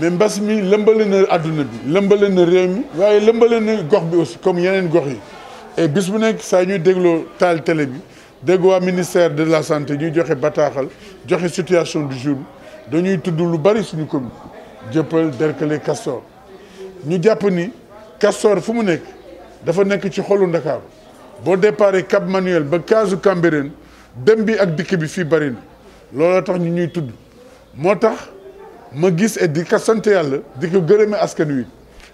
mais mbas mi lëmbale na àdduna bi lëmbale na réew mi waaye lëmbaleen gox bi aussi comme yeneen gox yi et bis bu nekk saa ñuy dégloo taal télé bi dégg waa ministère de la santé ñuy joxe bataaxal joxe situation du jour dañuy tudd lu bari suñu commune Dieuppeul Derklé Castor ñu jàpp ni Castor fu mu nekk dafa nekk ci xolu Ndakaaru boo déparé Cap Manuel ba Kaasu Cambérène dem bi ak dikk bi fii bari na looloo tax ñu ñuy tudd moo tax ma gis et di ko sant yàlla di ko gërëme askan wi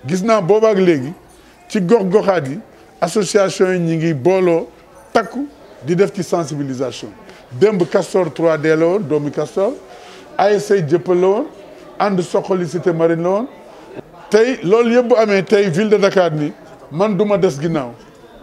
gis naa boobaak léegi ci gox-goxaat yi association yi ñu ngi booloo takku di def ci sensibilisation démb Castor 3D la woon doomu Castor ASC jëppal la woon ànd soxali cité marine la woon tey loolu yëpp bu amee tey ville de Dakar ni man duma des ginnaaw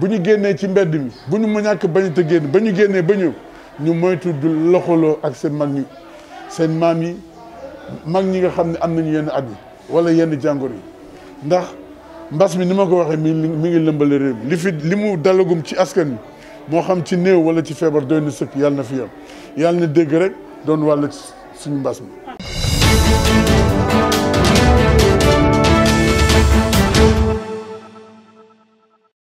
bu ñu génnee ci mbedd mi bu ñu mu ñàkk bañ te génn ba ñu génnee ba ñëw ñu moytu du loxoloo ak seen mag ñi seen maam yi mag ñi nga xam ne am nañu yenn at yi wala yenn jàngoro yi ndax mbas mi ni ma ko waxee mi mi ngi lëmbale réew mi li fi li mu dalagum ci askan wi moo xam ci néew wala ci feebar doy na sëkk yàlla na fi yam yàlla na dégg rek doon wàll suñu mbas mi